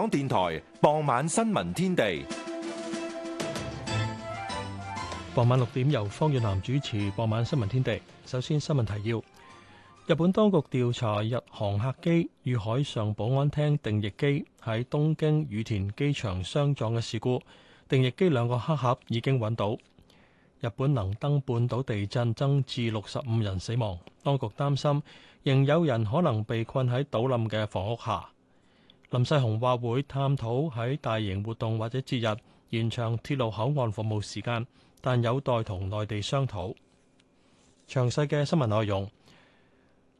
港電台傍晚新聞天地。傍晚六點由方月南主持。傍晚新聞天地，首先新聞提要：日本當局調查日航客機與海上保安廳定翼機喺東京羽田機場相撞嘅事故。定翼機兩個黑盒已經揾到。日本能登半島地震增至六十五人死亡，當局擔心仍有人可能被困喺倒冧嘅房屋下。林世雄話會探討喺大型活動或者節日延長鐵路口岸服務時間，但有待同內地商討。詳細嘅新聞內容：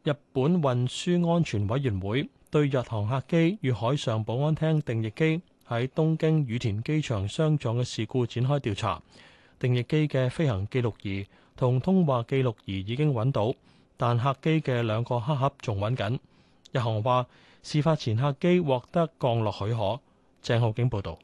日本運輸安全委員會對日航客機與海上保安廳定翼機喺東京羽田機場相撞嘅事故展開調查。定翼機嘅飛行記錄儀同通話記錄儀已經揾到，但客機嘅兩個黑盒仲揾緊。日航話，事發前客機獲得降落許可。鄭浩景報道，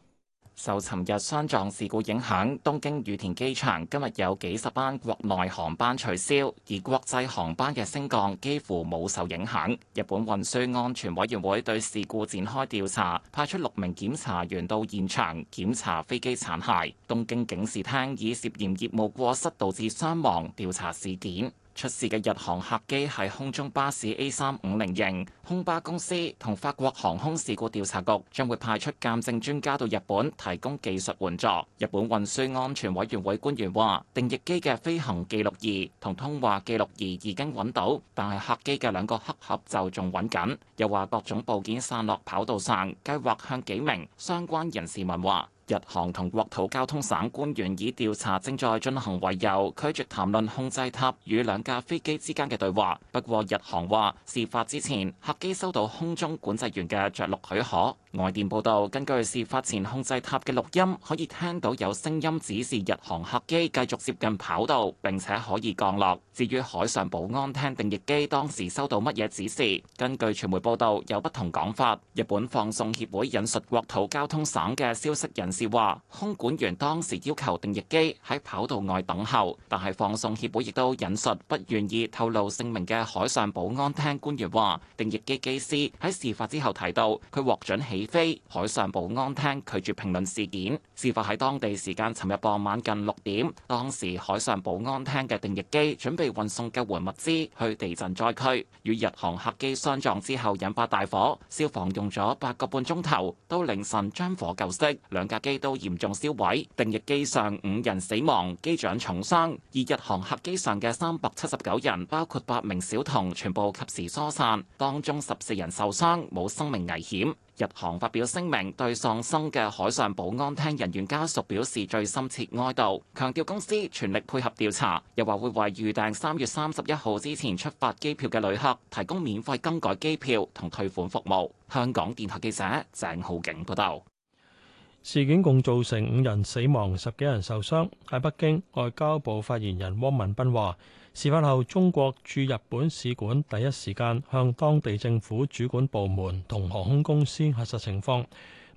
受尋日相撞事故影響，東京羽田機場今日有幾十班國內航班取消，而國際航班嘅升降幾乎冇受影響。日本運輸安全委員會對事故展開調查，派出六名檢查員到現場檢查飛機殘骸。東京警視廳以涉嫌業務過失導致傷亡調查事件。出事嘅日航客機係空中巴士 A 三五零型，空巴公司同法國航空事故調查局將會派出鑑證專家到日本提供技術援助。日本運輸安全委員會官員話，定翼機嘅飛行記錄儀同通話記錄儀已經揾到，但係客機嘅兩個黑盒就仲揾緊。又話各種部件散落跑道上，計劃向幾名相關人士問話。日航同國土交通省官員以調查正在進行為由，拒絕談論控制塔與兩架飛機之間嘅對話。不過日航話事發之前客機收到空中管制員嘅着陸許可。外電報道，根據事發前控制塔嘅錄音，可以聽到有聲音指示日航客機繼續接近跑道，並且可以降落。至於海上保安廳定翼機當時收到乜嘢指示，根據傳媒報道有不同講法。日本放送協會引述國土交通省嘅消息引。是話，空管員當時要求定翼機喺跑道外等候，但係放送協會亦都引述不願意透露姓名嘅海上保安廳官員話，定翼機機師喺事發之後提到，佢獲准起飛。海上保安廳拒絕評論事件。事發喺當地時間尋日傍晚近六點，當時海上保安廳嘅定翼機準備運送救援物資去地震災區，與日航客機相撞之後引發大火，消防用咗八個半鐘頭，到凌晨將火救熄。兩架機都嚴重燒毀，定翼機上五人死亡，機長重傷；而日航客機上嘅三百七十九人，包括八名小童，全部及時疏散，當中十四人受傷，冇生命危險。日航發表聲明，對喪生嘅海上保安廳人員家屬表示最深切哀悼，強調公司全力配合調查，又話會為預訂三月三十一號之前出發機票嘅旅客提供免費更改機票同退款服務。香港電台記者鄭浩景報道。事件共造成五人死亡，十幾人受傷。喺北京，外交部發言人汪文斌話事發後，中國駐日本使館第一時間向當地政府主管部門同航空公司核實情況，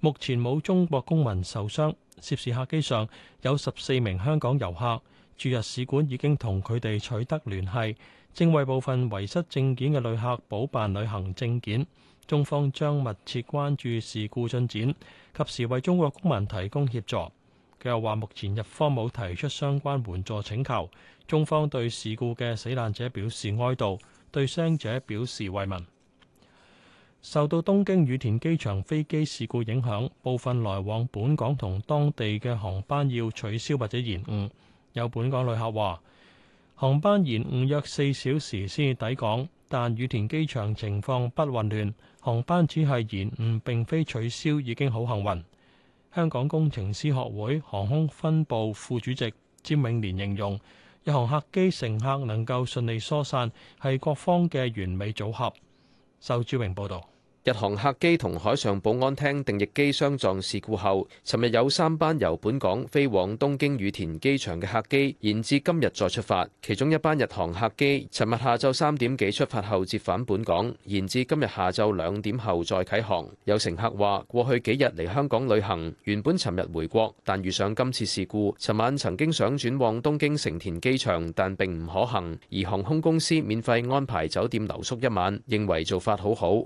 目前冇中國公民受傷。涉事客機上有十四名香港遊客，駐日使館已經同佢哋取得聯繫，正為部分遺失證件嘅旅客補辦旅行證件。中方將密切關注事故進展，及時為中國公民提供協助。佢又話：目前日方冇提出相關援助請求，中方對事故嘅死難者表示哀悼，對傷者表示慰問。受到東京羽田機場飛機事故影響，部分來往本港同當地嘅航班要取消或者延誤。有本港旅客話：航班延誤約四小時先至抵港。但羽田機場情況不混亂，航班只係延誤並非取消，已經好幸運。香港工程師學會航空分部副主席詹永年形容，日航客機乘客能夠順利疏散係各方嘅完美組合。仇志榮報道。日航客機同海上保安廳定翼機相撞事故後，尋日有三班由本港飛往東京羽田機場嘅客機延至今日再出發。其中一班日航客機尋日下晝三點幾出發後折返本港，延至今日下晝兩點後再啟航。有乘客話：過去幾日嚟香港旅行，原本尋日回國，但遇上今次事故，尋晚曾經想轉往東京成田機場，但並唔可行。而航空公司免費安排酒店留宿一晚，認為做法好好。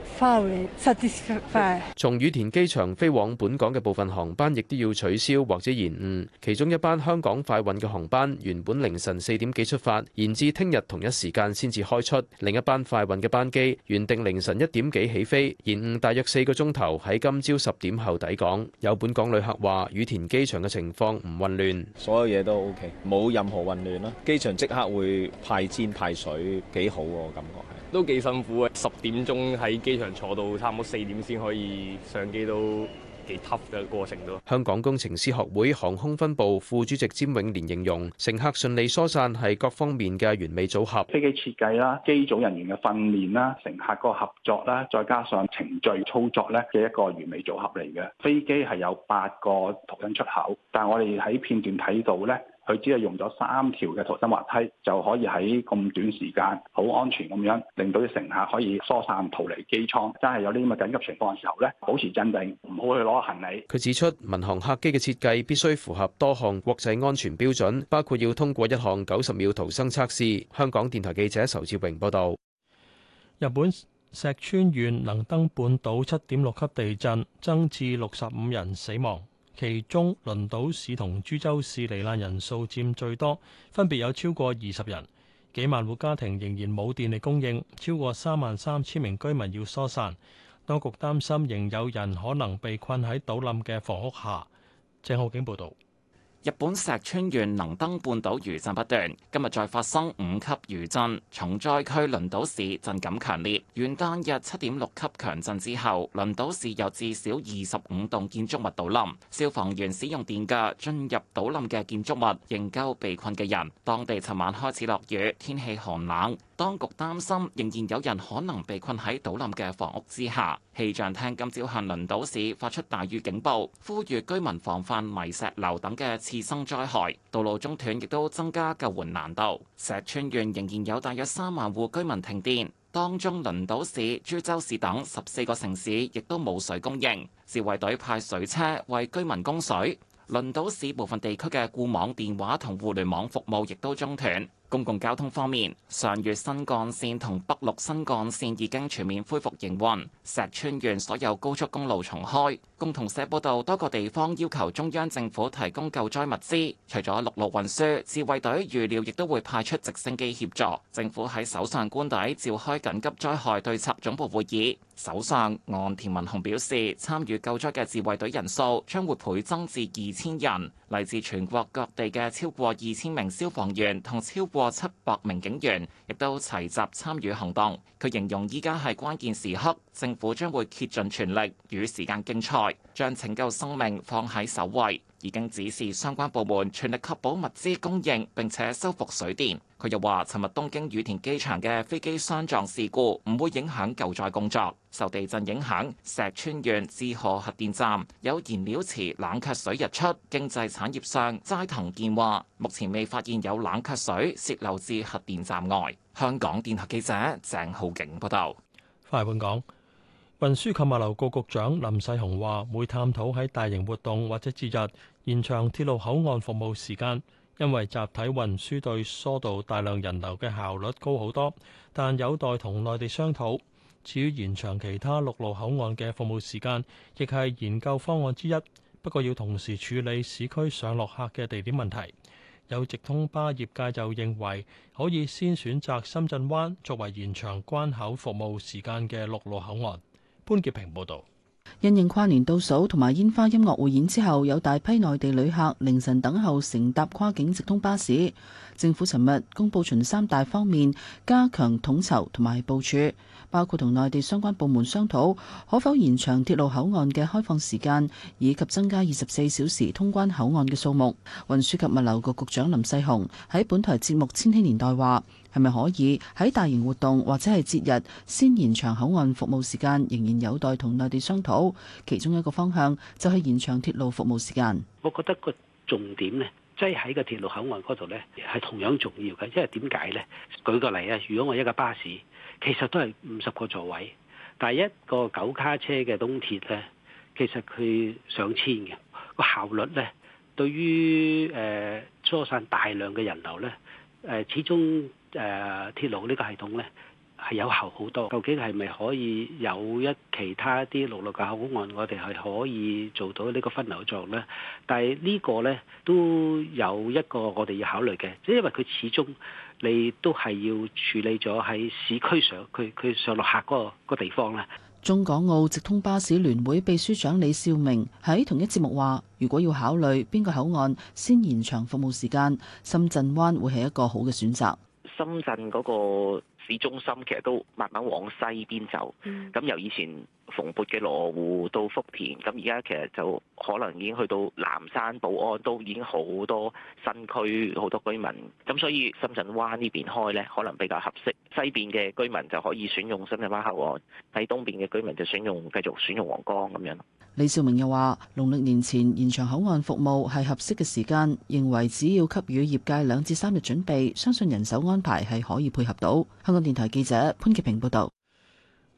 花費從羽田機場飛往本港嘅部分航班亦都要取消或者延誤，其中一班香港快運嘅航班原本凌晨四點幾出發，延至聽日同一時間先至開出；另一班快運嘅班機原定凌晨一點幾起飛，延誤大約四個鐘頭喺今朝十點後抵港。有本港旅客話：羽田機場嘅情況唔混亂，所有嘢都 OK，冇任何混亂啦。機場即刻會派氈派水，幾好喎，感覺係。都幾辛苦嘅，十點鐘喺機場坐到差唔多四點先可以上機，都幾 tough 嘅過程咯。香港工程師學會航空分部副主席詹永年形容，乘客順利疏散係各方面嘅完美組合。飛機設計啦，機組人員嘅訓練啦，乘客個合作啦，再加上程序操作咧嘅一個完美組合嚟嘅。飛機係有八個逃生出口，但係我哋喺片段睇到咧。佢只係用咗三條嘅逃生滑梯，就可以喺咁短時間好安全咁樣，令到啲乘客可以疏散逃離機艙。真係有啲咁嘅緊急情況嘅時候呢，保持鎮定，唔好去攞行李。佢指出，民航客機嘅設計必須符合多項國際安全標準，包括要通過一項九十秒逃生測試。香港電台記者仇志榮報導。日本石川縣能登半島七點六級地震，增至六十五人死亡。其中，輪島市同珠洲市罹難人數佔最多，分別有超過二十人。幾萬戶家庭仍然冇電力供應，超過三萬三千名居民要疏散。當局擔心仍有人可能被困喺倒冧嘅房屋下。鄭浩景報導。日本石川縣能登半島餘震不斷，今日再發生五級餘震，重災區輪島市震感強烈。元旦日七點六級強震之後，輪島市有至少二十五棟建築物倒冧。消防員使用電鋸進入倒冧嘅建築物營救被困嘅人。當地尋晚開始落雨，天氣寒冷，當局擔心仍然有人可能被困喺倒冧嘅房屋之下。氣象廳今朝向輪島市發出大雨警報，呼籲居民防範泥石流等嘅次生災害。道路中斷亦都增加救援難度。石川縣仍然有大約三萬戶居民停電，當中輪島市、珠洲市等十四個城市亦都冇水供應。自衛隊派水車為居民供水。輪島市部分地區嘅固網電話同互聯網服務亦都中斷。公共交通方面，上月新幹線同北陸新幹線已經全面恢復營運，石川縣所有高速公路重開，共同社報道，多個地方要求中央政府提供救災物資，除咗陸路運輸，自衛隊預料亦都會派出直升機協助。政府喺首相官邸召開緊急災害對策總部會議，首相岸田文雄表示，參與救災嘅自衛隊人數將會倍增至二千人。嚟自全國各地嘅超過二千名消防員同超過七百名警員亦都齊集參與行動，佢形容依家係關鍵時刻，政府將會竭盡全力與時間競賽，將拯救生命放喺首位。已經指示相關部門全力確保物資供應，並且修復水電。佢又話，尋日東京羽田機場嘅飛機相撞事故唔會影響救災工作。受地震影響，石川縣志賀核電站有燃料池冷卻水溢出。經濟產業相，齋藤健話，目前未發現有冷卻水洩漏至核電站外。香港電台記者鄭浩景報道。講返本港，運輸及物流局局長林世雄話，會探討喺大型活動或者節日延長鐵路口岸服務時間。因為集體運輸對疏導大量人流嘅效率高好多，但有待同內地商討。至於延長其他陸路口岸嘅服務時間，亦係研究方案之一。不過要同時處理市區上落客嘅地點問題。有直通巴業界又認為可以先選擇深圳灣作為延長關口服務時間嘅陸路口岸。潘潔平報導。因應跨年倒數同埋煙花音樂匯演之後，有大批內地旅客凌晨等候乘搭跨境直通巴士。政府尋日公布從三大方面，加強統籌同埋部署。包括同內地相關部門商討可否延長鐵路口岸嘅開放時間，以及增加二十四小時通關口岸嘅數目。運輸及物流局局長林世雄喺本台節目《千禧年代》話，係咪可以喺大型活動或者係節日先延長口岸服務時間，仍然有待同內地商討。其中一個方向就係延長鐵路服務時間，我覺得個重點咧，即係喺個鐵路口岸嗰度咧，係同樣重要嘅。因為點解咧？舉個例啊，如果我一架巴士。其實都係五十個座位，但係一個九卡車嘅東鐵呢，其實佢上千嘅個效率呢，對於誒疏、呃、散大量嘅人流呢，誒、呃、始終誒、呃、鐵路呢個系統呢係有效好多。究竟係咪可以有一其他啲陸路嘅口岸，我哋係可以做到呢個分流作用咧？但係呢個呢，都有一個我哋要考慮嘅，即係因為佢始終。你都係要處理咗喺市區上，佢佢上落客嗰個地方啦。中港澳直通巴士聯會秘書長李少明喺同一節目話，如果要考慮邊個口岸先延長服務時間，深圳灣會係一個好嘅選擇。深圳嗰個市中心其實都慢慢往西邊走，咁由以前。蓬勃嘅羅湖到福田，咁而家其實就可能已經去到南山、寶安，都已經好多新區，好多居民，咁所以深圳灣呢邊開咧，可能比較合適。西邊嘅居民就可以選用深圳灣口岸，喺東邊嘅居民就選用繼續選用皇崗。咁樣。李少明又話農曆年前延長口岸服務係合適嘅時間，認為只要給予業界兩至三日準備，相信人手安排係可以配合到。香港電台記者潘潔平報道。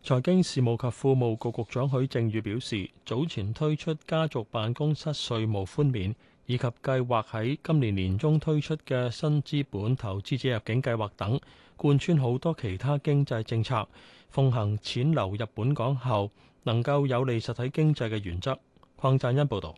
財經事務及庫務局局長許正宇表示，早前推出家族辦公室稅務寬免，以及計劃喺今年年中推出嘅新資本投資者入境計劃等，貫穿好多其他經濟政策，奉行錢流入本港後能夠有利實體經濟嘅原則。鄺贊恩報道。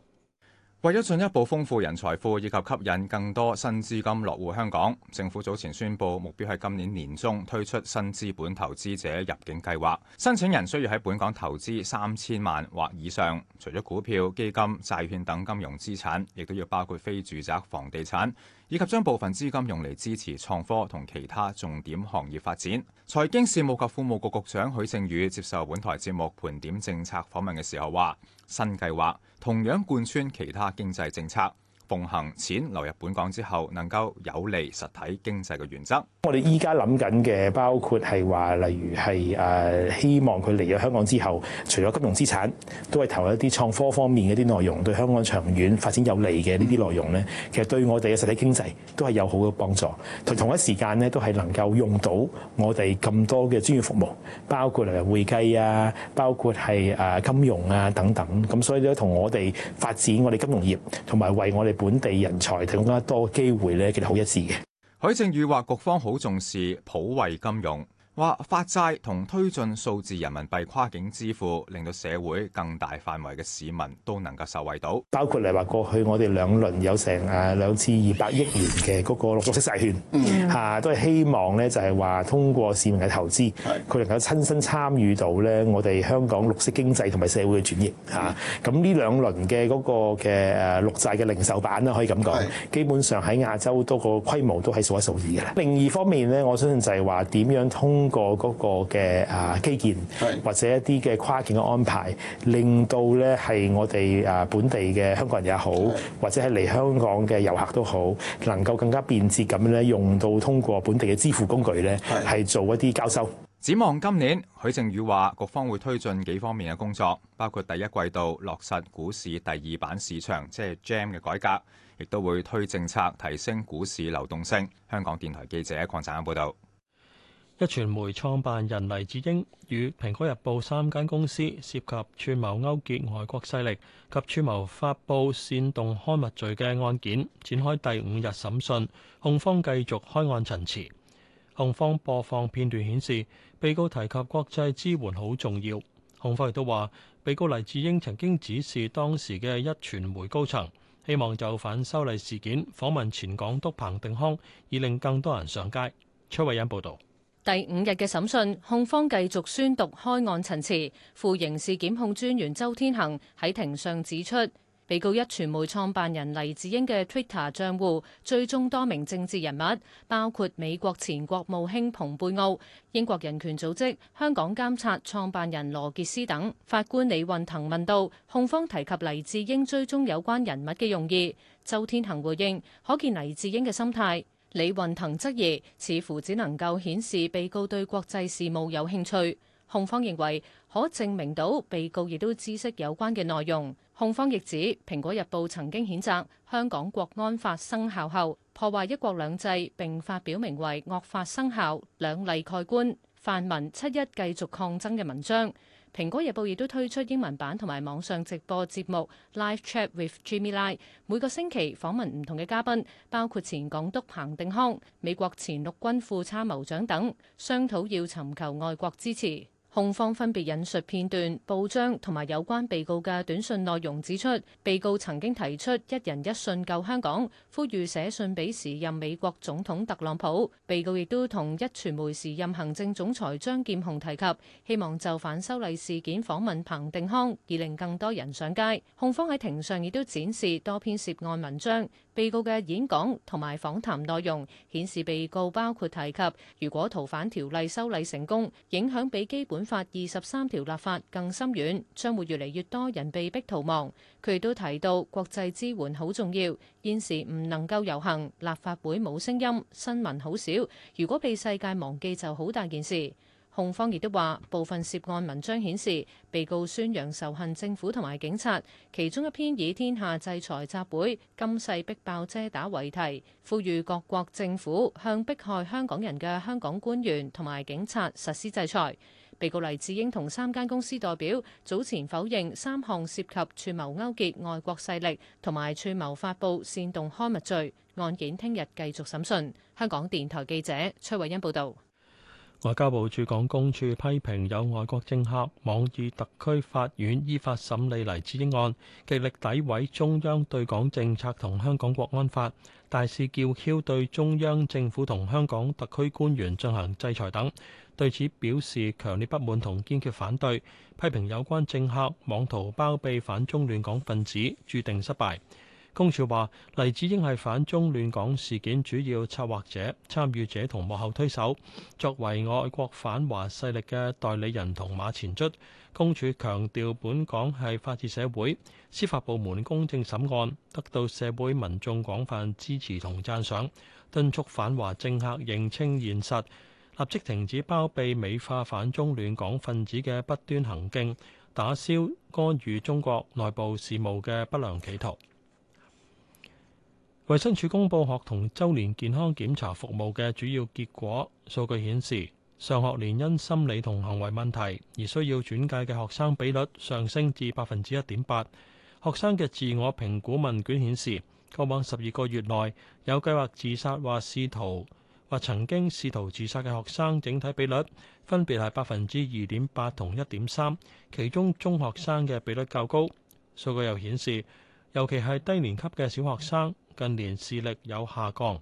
為咗進一步豐富人才庫以及吸引更多新資金落戶香港，政府早前宣布目標喺今年年中推出新資本投資者入境計劃。申請人需要喺本港投資三千萬或以上，除咗股票、基金、債券等金融資產，亦都要包括非住宅房地產，以及將部分資金用嚟支持創科同其他重點行業發展。財經事務及庫務局局，局長許正宇接受本台節目盤點政策訪問嘅時候話，新計劃同樣貫穿其他經濟政策。奉行錢流入本港之後能夠有利實體經濟嘅原則，我哋依家諗緊嘅包括係話例如係誒、啊、希望佢嚟咗香港之後除咗金融資產都係投入一啲創科方面嘅啲內容，對香港長遠發展有利嘅呢啲內容咧，其實對我哋嘅實體經濟都係有好嘅幫助，同同一時間咧都係能夠用到我哋咁多嘅專業服務，包括嚟會計啊，包括係誒金融啊等等，咁所以咧同我哋發展我哋金融業同埋為我哋。本地人才提供加多嘅機會咧，其實好一致嘅。許正宇話，局方好重視普惠金融。話發債同推進數字人民幣跨境支付，令到社會更大範圍嘅市民都能夠受惠到。包括嚟話過去我哋兩輪有成誒兩千二百億元嘅嗰個綠色債券，嚇、啊、都係希望咧就係話通過市民嘅投資，佢能夠親身參與到咧我哋香港綠色經濟同埋社會嘅轉型嚇。咁、啊、呢兩輪嘅嗰個嘅誒綠債嘅零售版咧，可以咁講，基本上喺亞洲多個規模都係數一數二嘅。另一方面咧，我相信就係話點樣通。通過嗰個嘅啊基建，或者一啲嘅跨境嘅安排，令到咧係我哋啊本地嘅香港人也好，或者係嚟香港嘅遊客都好，能夠更加便捷咁樣咧用到通過本地嘅支付工具咧，係做一啲交收。展望今年，許正宇話，局方會推進幾方面嘅工作，包括第一季度落實股市第二板市場，即係 Gem 嘅改革，亦都會推政策提升股市流動性。香港電台記者鄺展欣報道。一傳媒創辦人黎智英與《蘋果日報》三間公司涉及串謀勾結外國勢力及串謀發布煽動刊物罪嘅案件展開第五日審訊，控方繼續開案陳詞。控方播放片段顯示，被告提及國際支援好重要。控方亦都話，被告黎智英曾經指示當時嘅一傳媒高層，希望就反修例事件訪問前港督彭定康，以令更多人上街。崔偉欣報道。第五日嘅審訊，控方繼續宣讀開案陳詞。副刑事檢控專員周天行喺庭上指出，被告一傳媒創辦人黎智英嘅 Twitter 賬戶追蹤多名政治人物，包括美國前國務卿蓬佩奧、英國人權組織、香港監察創辦人羅傑斯等。法官李運騰問道：控方提及黎智英追蹤有關人物嘅用意，周天行回應：可見黎智英嘅心態。李運騰質疑，似乎只能夠顯示被告對國際事務有興趣。控方認為可證明到被告亦都知識有關嘅內容。控方亦指，《蘋果日報》曾經譴責香港國安法生效後破壞一國兩制，並發表名為惡法生效、兩例蓋棺、泛民七一繼續抗爭嘅文章。《蘋果日報》亦都推出英文版同埋網上直播節目《Live Chat with Jimmy Lai》，每個星期訪問唔同嘅嘉賓，包括前港督彭定康、美國前陸軍副參謀長等，商討要尋求外國支持。控方分別引述片段、報章同埋有關被告嘅短信內容，指出被告曾經提出一人一信救香港，呼籲寫信俾時任美國總統特朗普。被告亦都同一傳媒時任行政總裁張劍虹提及，希望就反修例事件訪問彭定康，以令更多人上街。控方喺庭上亦都展示多篇涉案文章、被告嘅演講同埋訪談內容，顯示被告包括提及如果逃犯條例修例成功，影響比基本法二十三條立法更深遠，將會越嚟越多人被逼逃亡。佢亦都提到國際支援好重要，現時唔能夠遊行，立法會冇聲音，新聞好少。如果被世界忘記，就好大件事。控方亦都話，部分涉案文章顯示被告宣揚仇恨政府同埋警察，其中一篇以天下制裁集會今世逼爆遮打為題，呼籲各國政府向迫害香港人嘅香港官員同埋警察實施制裁。被告黎智英同三間公司代表早前否認三項涉及串謀勾結外國勢力同埋串謀發布煽動刊物罪案件，聽日繼續審訊。香港電台記者崔慧欣報道。外交部駐港公署批評有外國政客妄議特區法院依法審理黎智英案，極力詆毀中央對港政策同香港國安法，大肆叫囂對中央政府同香港特區官員進行制裁等。對此表示強烈不滿同堅決反對，批評有關政客妄圖包庇反中亂港分子，註定失敗。公署話黎智英係反中亂港事件主要策劃者、參與者同幕後推手，作為外國反華勢力嘅代理人同馬前卒。公署強調本港係法治社會，司法部門公正審案，得到社會民眾廣泛支持同讚賞，敦促反華政客認清現實。立即停止包庇美化反中亂港分子嘅不端行徑，打消干預中國內部事務嘅不良企圖。衛 生署公布學童周年健康檢查服務嘅主要結果，數據顯示，上學年因心理同行為問題而需要轉介嘅學生比率上升至百分之一點八。學生嘅自我評估問卷顯示，過往十二個月內有計劃自殺或試圖。或曾經試圖自殺嘅學生，整體比率分別係百分之二點八同一點三，其中中學生嘅比率較高。數據又顯示，尤其係低年級嘅小學生近年視力有下降，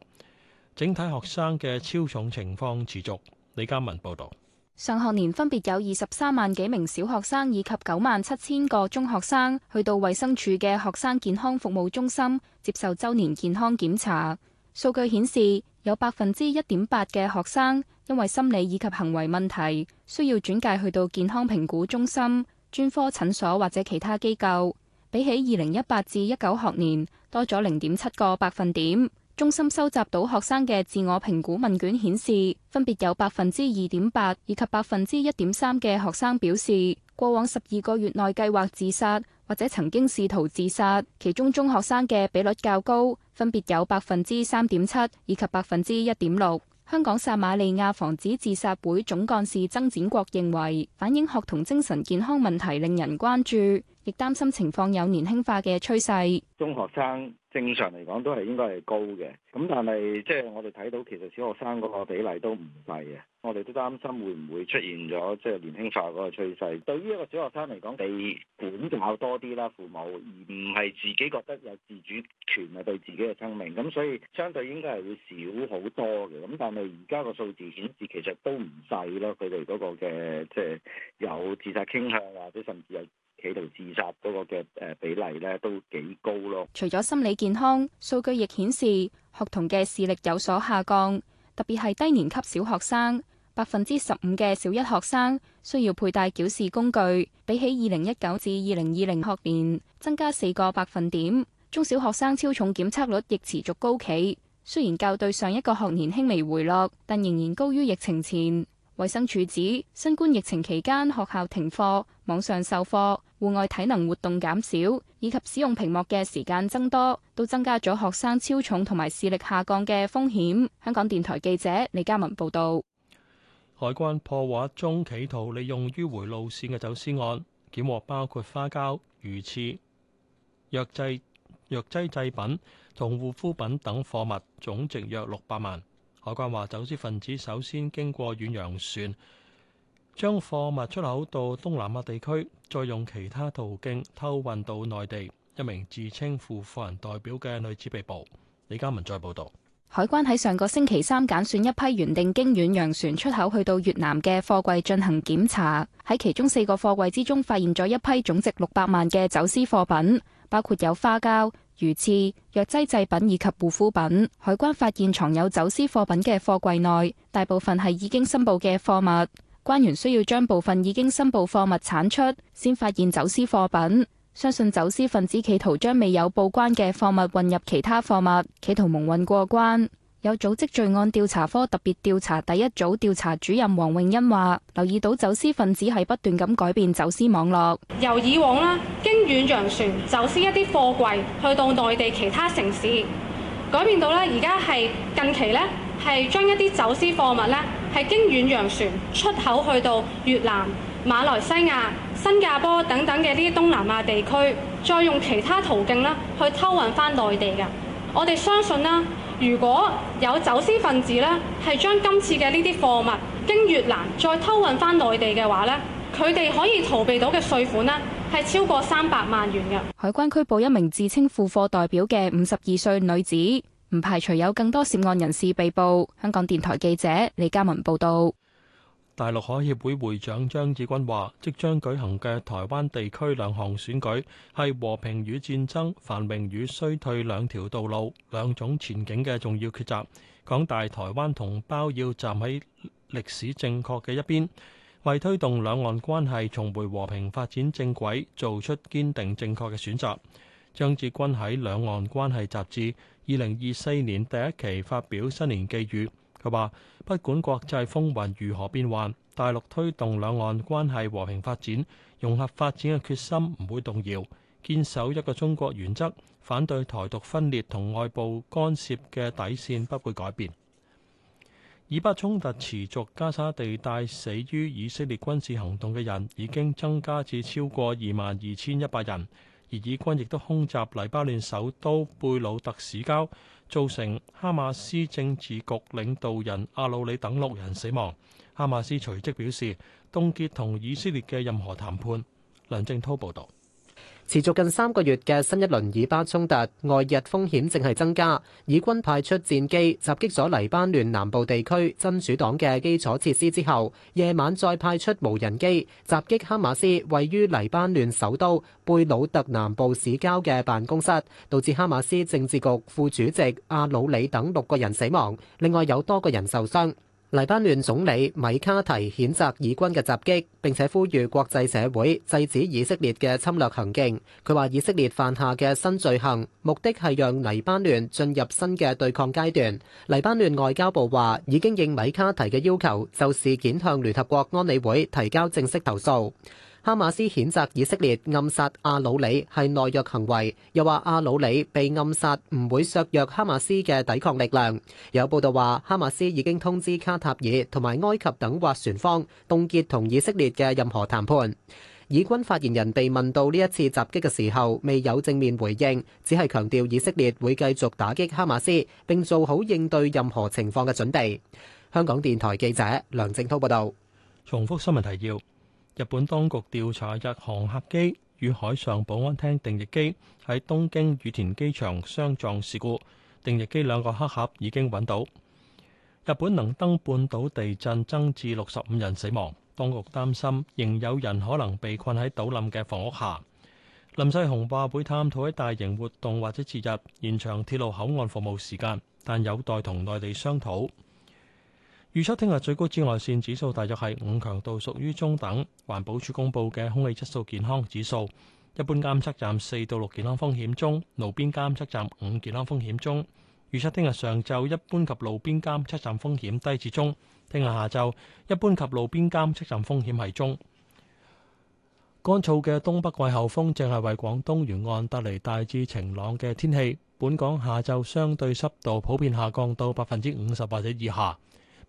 整體學生嘅超重情況持續。李嘉文報導，上學年分別有二十三萬幾名小學生以及九萬七千個中學生去到衛生署嘅學生健康服務中心接受週年健康檢查。數據顯示，有百分之一點八嘅學生因為心理以及行為問題，需要轉介去到健康評估中心、專科診所或者其他機構，比起二零一八至一九學年多咗零點七個百分點。中心收集到學生嘅自我評估問卷顯示，分別有百分之二點八以及百分之一點三嘅學生表示，過往十二個月內計劃自殺或者曾經試圖自殺，其中中學生嘅比率較高，分別有百分之三點七以及百分之一點六。香港撒瑪利亞防止自殺會總幹事曾展國認為，反映學童精神健康問題令人關注。亦擔心情況有年輕化嘅趨勢。中學生正常嚟講都係應該係高嘅，咁但係即係我哋睇到其實小學生嗰個比例都唔細嘅。我哋都擔心會唔會出現咗即係年輕化嗰個趨勢。對於一個小學生嚟講，地管仲有多啲啦，父母而唔係自己覺得有自主權啊，對自己嘅生命，咁所以相對應該係會少好多嘅。咁但係而家個數字顯示其實都唔細咯，佢哋嗰個嘅即係有自殺傾向或者甚至有。企圖自殺嗰個嘅誒比例咧都幾高咯。除咗心理健康，數據亦顯示學童嘅視力有所下降，特別係低年級小學生，百分之十五嘅小一學生需要佩戴矯視工具，比起二零一九至二零二零學年增加四個百分點。中小學生超重檢測率亦持續高企，雖然較對上一個學年輕微回落，但仍然高於疫情前。衛生署指，新冠疫情期間學校停課。網上授課、戶外體能活動減少，以及使用屏幕嘅時間增多，都增加咗學生超重同埋視力下降嘅風險。香港電台記者李嘉文報道。海關破獲中企圖利用迂回路綫嘅走私案，檢獲包括花膠、魚翅、藥劑、藥劑製品同護膚品等貨物，總值約六百萬。海關話，走私分子首先經過遠洋船。將貨物出口到東南亞地區，再用其他途徑偷運到內地。一名自稱付貨人代表嘅女子被捕。李嘉文再報道：海關喺上個星期三揀選一批原定經遠洋船出口去到越南嘅貨櫃進行檢查，喺其中四個貨櫃之中發現咗一批總值六百萬嘅走私貨品，包括有花膠、魚翅、藥劑製品以及護膚品。海關發現藏有走私貨品嘅貨櫃內，大部分係已經申報嘅貨物。關員需要將部分已經申報貨物產出，先發現走私貨品。相信走私分子企圖將未有報關嘅貨物運入其他貨物，企圖蒙混過關。有組織罪案調查科特別調查第一組調查主任黃永恩話，留意到走私分子係不斷咁改變走私網絡，由以往啦經遠洋船走私一啲貨櫃去到內地其他城市，改變到咧而家係近期咧。係將一啲走私貨物呢係經遠洋船出口去到越南、馬來西亞、新加坡等等嘅呢啲東南亞地區，再用其他途徑呢去偷運翻內地嘅。我哋相信啦，如果有走私分子呢，係將今次嘅呢啲貨物經越南再偷運翻內地嘅話呢，佢哋可以逃避到嘅稅款呢係超過三百萬元嘅。海關拘捕一名自稱付貨代表嘅五十二歲女子。唔排除有更多涉案人士被捕。香港電台記者李嘉文報道，大陸海協會會長張志軍話，即將舉行嘅台灣地區兩項選舉係和平與戰爭、繁榮與衰退兩條道路、兩種前景嘅重要抉擇。港大台灣同胞要站喺歷史正確嘅一邊，為推動兩岸關係重回和平發展正軌，做出堅定正確嘅選擇。張志軍喺《兩岸關係》雜誌。二零二四年第一期發表新年寄語，佢話：不管國際風雲如何變幻，大陸推動兩岸關係和平發展、融合發展嘅決心唔會動搖，堅守一個中國原則，反對台獨分裂同外部干涉嘅底線不會改變。以巴衝突持續，加沙地帶死於以色列軍事行動嘅人已經增加至超過二萬二千一百人。而以軍亦都空襲黎巴嫩首都貝魯特市郊，造成哈馬斯政治局領導人阿魯里等六人死亡。哈馬斯隨即表示，凍結同以色列嘅任何談判。梁正滔報導。持續近三個月嘅新一輪以巴衝突，外溢風險正係增加。以軍派出戰機襲擊咗黎巴嫩南部地區真主黨嘅基礎設施之後，夜晚再派出無人機襲擊哈馬斯位於黎巴嫩首都貝魯特南部市郊嘅辦公室，導致哈馬斯政治局副主席阿魯里等六個人死亡，另外有多個人受傷。黎巴嫩總理米卡提譴責以軍嘅襲擊，並且呼籲國際社會制止以色列的侵略行徑。佢話，以色列犯下的新罪行，目的係讓黎巴嫩進入新的對抗階段。黎巴嫩外交部話已經應米卡提的要求，就事件向聯合國安理會提交正式投訴。哈馬斯譴責以色列暗殺阿魯里係懦弱行為，又話阿魯里被暗殺唔會削弱哈馬斯嘅抵抗力量。有報道話，哈馬斯已經通知卡塔爾同埋埃及等斡旋方，凍結同以色列嘅任何談判。以軍發言人被問到呢一次襲擊嘅時候，未有正面回應，只係強調以色列會繼續打擊哈馬斯，並做好應對任何情況嘅準備。香港電台記者梁正滔報道。重複新聞提要。日本當局調查日航客機與海上保安廳定翼機喺東京羽田機場相撞事故，定翼機兩個黑盒已經揾到。日本能登半島地震增至六十五人死亡，當局擔心仍有人可能被困喺倒冧嘅房屋下。林世雄話會探討喺大型活動或者節日延長鐵路口岸服務時間，但有待同內地商討。預測聽日最高紫外線指數大約係五，強度屬於中等。環保署公布嘅空氣質素健康指數，一般監測站四到六健康風險中，路邊監測站五健康風險中。預測聽日上晝一般及路邊監測站風險低至中，聽日下晝一般及路邊監測站風險係中。乾燥嘅東北季候風正係為廣東沿岸帶嚟，大致晴朗嘅天氣。本港下晝相對濕度普遍下降到百分之五十或者以下。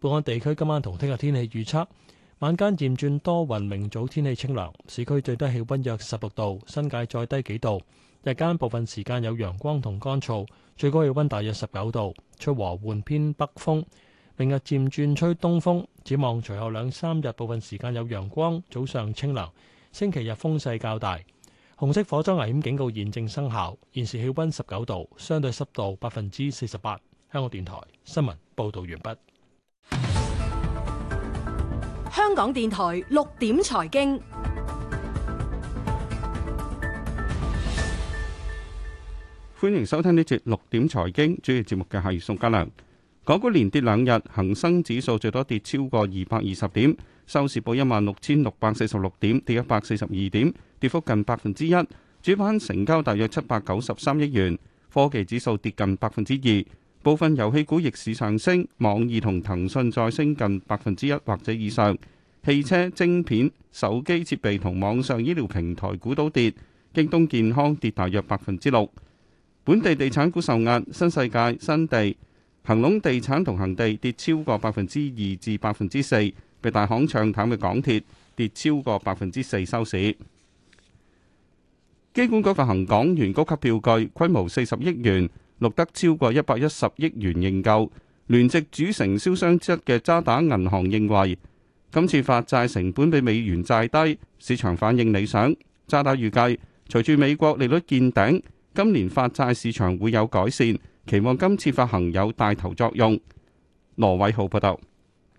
本港地區今晚同聽日天氣預測，晚間漸轉多雲，明早天氣清涼，市區最低氣温約十六度，新界再低幾度。日間部分時間有陽光同乾燥，最高氣温大約十九度，吹和緩偏北風。明日漸轉吹東風，展望隨後兩三日部分時間有陽光，早上清涼。星期日風勢較大。紅色火災危險警告現正生效。現時氣温十九度，相對濕度百分之四十八。香港電台新聞報導完畢。香港電台六點財經，歡迎收聽呢節六點財經，主要節目嘅係宋家良。港股連跌兩日，恒生指數最多跌超過二百二十點，收市報一萬六千六百四十六點，跌一百四十二點，跌幅近百分之一。主板成交大約七百九十三億元，科技指數跌近百分之二。部分遊戲股逆市上升，網易同騰訊再升近百分之一或者以上。汽車晶片、手機設備同網上醫療平台股都跌，京東健康跌大約百分之六。本地地產股受壓，新世界、新地、恆隆地產同恆地跌超過百分之二至百分之四。被大行唱淡嘅港鐵跌超過百分之四收市。機管局發行港元高級票據，規模四十億元。錄得超過一百一十億元認購，聯席主承銷商之一嘅渣打銀行認為，今次發債成本比美元債低，市場反應理想。渣打預計隨住美國利率見頂，今年發債市場會有改善，期望今次發行有帶頭作用。羅偉浩報道。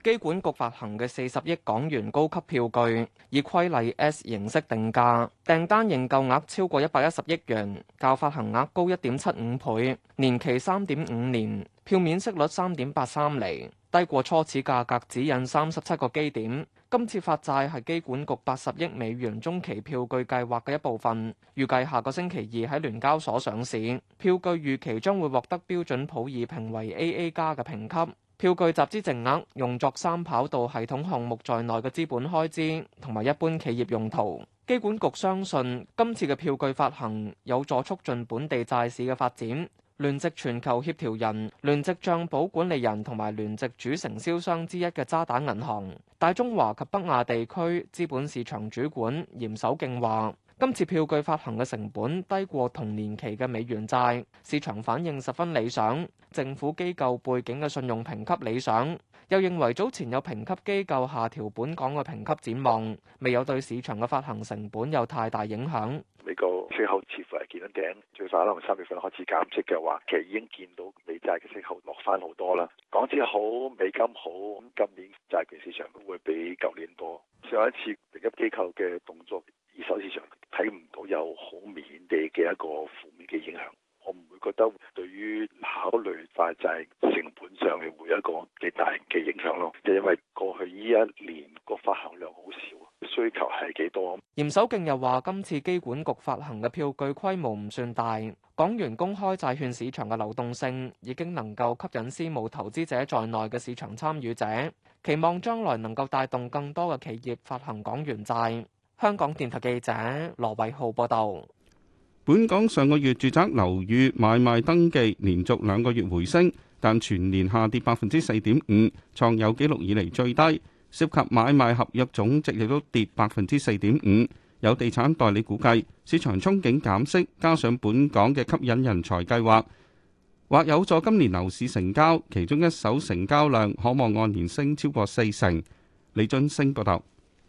機管局發行嘅四十億港元高級票據以規例 S 形式定價，訂單認購額超過一百一十億元，較發行額高一點七五倍，年期三點五年，票面息率三點八三厘，低過初始價格指引三十七個基點。今次發債係機管局八十億美元中期票據計劃嘅一部分，預計下個星期二喺聯交所上市，票據預期將會獲得標準普爾評為 AA 加嘅評級。票據集資淨額用作三跑道系統項目在內嘅資本開支同埋一般企業用途。機管局相信今次嘅票據發行有助促進本地債市嘅發展。聯席全球協調人、聯席帳簿管理人同埋聯席主承銷商之一嘅渣打銀行、大中華及北亞地區資本市場主管嚴守敬話。今次票據發行嘅成本低過同年期嘅美元債，市場反應十分理想。政府機構背景嘅信用評級理想，又認為早前有評級機構下調本港嘅評級展望，未有對市場嘅發行成本有太大影響。美國息口似乎係見到頂，最快可能三月份開始減息嘅話，其實已經見到美債嘅息口落翻好多啦。港紙好，美金好，咁今年債券市場都會比舊年多。上一次評級機構嘅動作，二手市場睇唔到有好明顯嘅一個負面嘅影響，我唔會覺得對於考慮發債成本上嘅會有一個幾大嘅影響咯。就因為過去呢一年個發行量好少。需求係幾多？嚴守敬又話：今次機管局發行嘅票據規模唔算大，港元公開債券市場嘅流動性已經能夠吸引私募投資者在內嘅市場參與者，期望將來能夠帶動更多嘅企業發行港元債。香港電台記者羅偉浩報道。本港上個月住宅樓宇買賣登記連續兩個月回升，但全年下跌百分之四點五，創有紀錄以嚟最低。涉及買賣合約總值亦都跌百分之四點五，有地產代理估計，市場憧憬減息，加上本港嘅吸引人才計劃，或有助今年樓市成交，其中一手成交量可望按年升超過四成。李津升報道。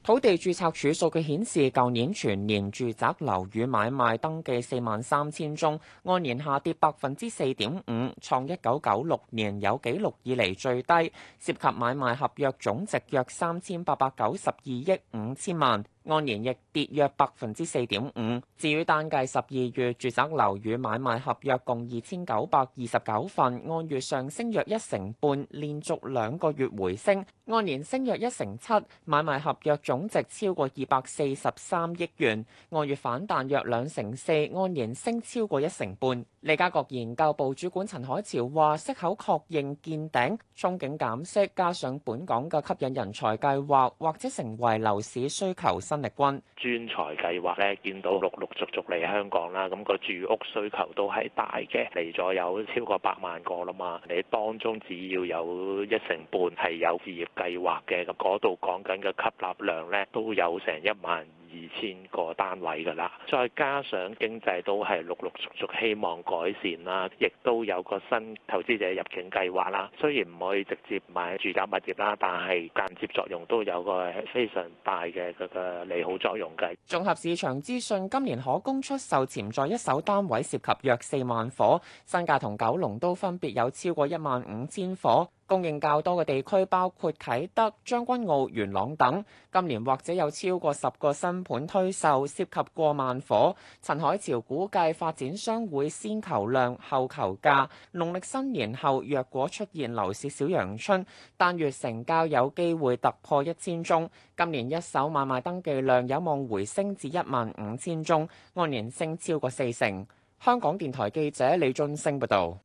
土地註冊處數據顯示，舊年全年住宅樓宇買賣登記四萬三千宗，按年下跌百分之四點五，創一九九六年有紀錄以嚟最低，涉及買賣合約總值約三千八百九十二億五千萬。按年亦跌約百分之四點五。至於單計十二月住宅樓宇買賣合約共二千九百二十九份，按月上升約一成半，連續兩個月回升，按年升約一成七。買賣合約總值超過二百四十三億元，按月反彈約兩成四，按年升超過一成半。李家國研究部主管陳海潮話：息口確認見頂，憧憬減息，加上本港嘅吸引人才計劃，或者成為樓市需求新力軍。專才計劃咧，見到陸陸續續嚟香港啦，咁個住屋需求都係大嘅，嚟咗有超過百萬個啦嘛。你當中只要有一成半係有置業計劃嘅，咁嗰度講緊嘅吸納量咧都有成一萬。二千個單位㗎啦，再加上經濟都係陸陸續續希望改善啦，亦都有個新投資者入境計劃啦。雖然唔可以直接買住宅物業啦，但係間接作用都有個非常大嘅嗰個利好作用嘅。綜合市場資訊，今年可供出售潛在一手單位涉及約四萬伙，新界同九龍都分別有超過一萬五千伙。供應較多嘅地區包括啟德、將軍澳、元朗等。今年或者有超過十個新盤推售，涉及過萬伙。陳海潮估計發展商會先求量後求價。農曆新年後若果出現樓市小陽春，單月成交有機會突破一千宗。今年一手買賣登記量有望回升至一萬五千宗，按年升超過四成。香港電台記者李俊升報導。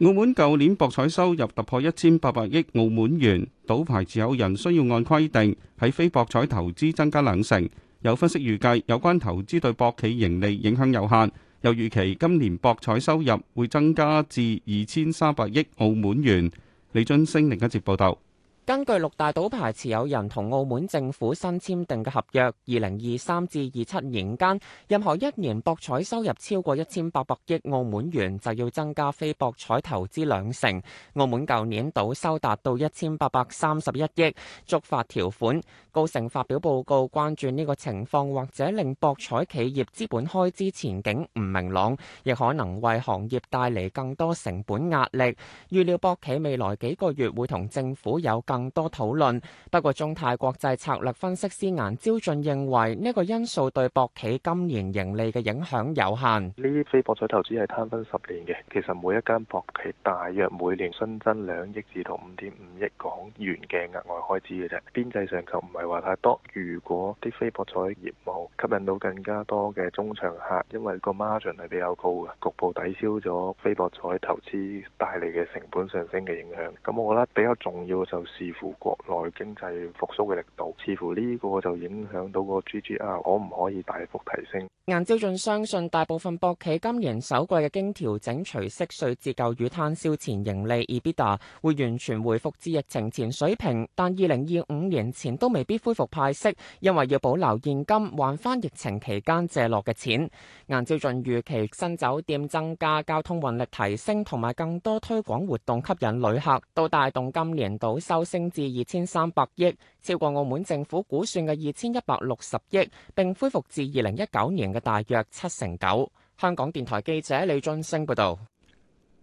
澳門舊年博彩收入突破一千八百億澳門元，賭牌持有人需要按規定喺非博彩投資增加兩成。有分析預計，有關投資對博企盈利影響有限，又預期今年博彩收入會增加至二千三百億澳門元。李津升另一節報道。根據六大賭牌持有人同澳門政府新簽訂嘅合約，二零二三至二七年間，任何一年博彩收入超過一千八百億澳門元，就要增加非博彩投資兩成。澳門舊年賭收達到一千八百三十一億，觸發條款。高盛發表報告關注呢個情況，或者令博彩企業資本開支前景唔明朗，亦可能為行業帶嚟更多成本壓力。預料博企未來幾個月會同政府有更更多討論。不過，中泰國際策略分析師顏朝俊認為，呢、這個因素對博企今年盈利嘅影響有限。呢啲非博彩投資係攤分十年嘅，其實每一間博企大約每年新增兩億至到五點五億港元嘅額外開支嘅啫。邊際上就唔係話太多。如果啲非博彩業務吸引到更加多嘅中場客，因為個 margin 係比較高嘅，局部抵消咗非博彩投資帶嚟嘅成本上升嘅影響。咁我覺得比較重要就係。似乎國內經濟復甦嘅力度，似乎呢個就影響到個 GGR 可唔可以大幅提升？顏照俊相信大部分博企今年首季嘅經調整除息稅折舊與攤銷前盈利 （EBITDA） 會完全回復至疫情前水平，但二零二五年前都未必恢復派息，因為要保留現金還翻疫情期間借落嘅錢。顏照俊預期新酒店增加交通運力提升，同埋更多推廣活動吸引旅客，都帶動今年度收。升至二千三百億，超過澳門政府估算嘅二千一百六十億，並恢復至二零一九年嘅大約七成九。香港電台記者李俊升報道。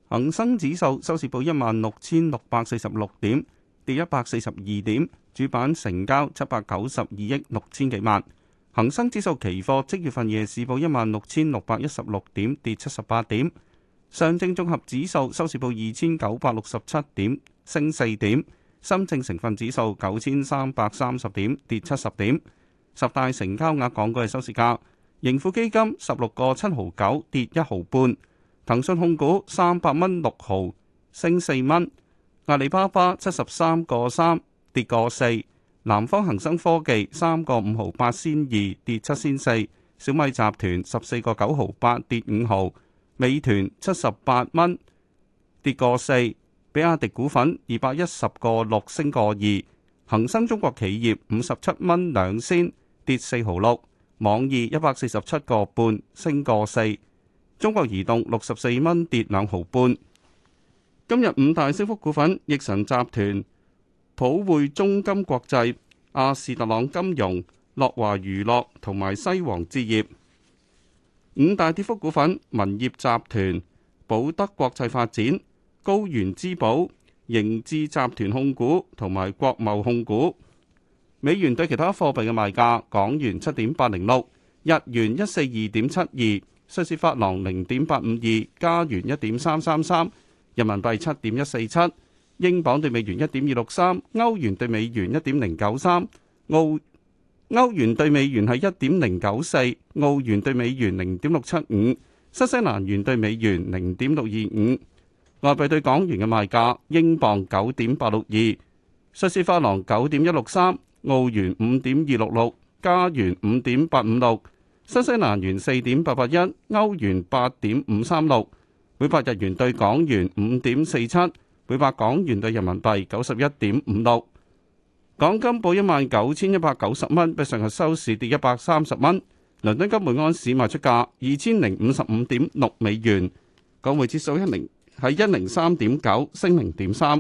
恒生指數收市報一萬六千六百四十六點，跌一百四十二點。主板成交七百九十二億六千幾萬。恒生指數期貨即月份夜市報一萬六千六百一十六點，跌七十八點。上證綜合指數收市報二千九百六十七點，升四點。深證成分指數九千三百三十點，跌七十點。十大成交額港股嘅收市價，盈富基金十六個七毫九，跌一毫半。騰訊控股三百蚊六毫，升四蚊。阿里巴巴七十三個三，跌個四。南方恒生科技三個五毫八仙二，跌七仙四。小米集團十四個九毫八，跌五毫。美團七十八蚊，跌個四。比亞迪股份二百一十個六升個二，恒生中國企業五十七蚊兩仙跌四毫六，網易一百四十七個半升個四，中國移動六十四蚊跌兩毫半。今日五大升幅股份：易神集團、普匯中金國際、阿士特朗金融、樂華娛樂同埋西王置業。五大跌幅股份：民業集團、保德國際發展。高原之寶、盈智集團控股同埋國貿控股。美元對其他貨幣嘅賣價：港元七點八零六，日元一四二點七二，瑞士法郎零點八五二，加元一點三三三，人民幣七點一四七，英鎊對美元一點二六三，歐元對美元一點零九三，澳歐元對美元係一點零九四，澳元對美元零點六七五，新西蘭元對美元零點六二五。外幣對港元嘅賣價：英鎊九點八六二，瑞士法郎九點一六三，澳元五點二六六，加元五點八五六，新西蘭元四點八八一，歐元八點五三六，每百日元對港元五點四七，每百港元對人民幣九十一點五六。港金報一萬九千一百九十蚊，比上日收市跌一百三十蚊。倫敦金每安士賣出價二千零五十五點六美元，港匯指數一零。喺一零三點九，升零點三。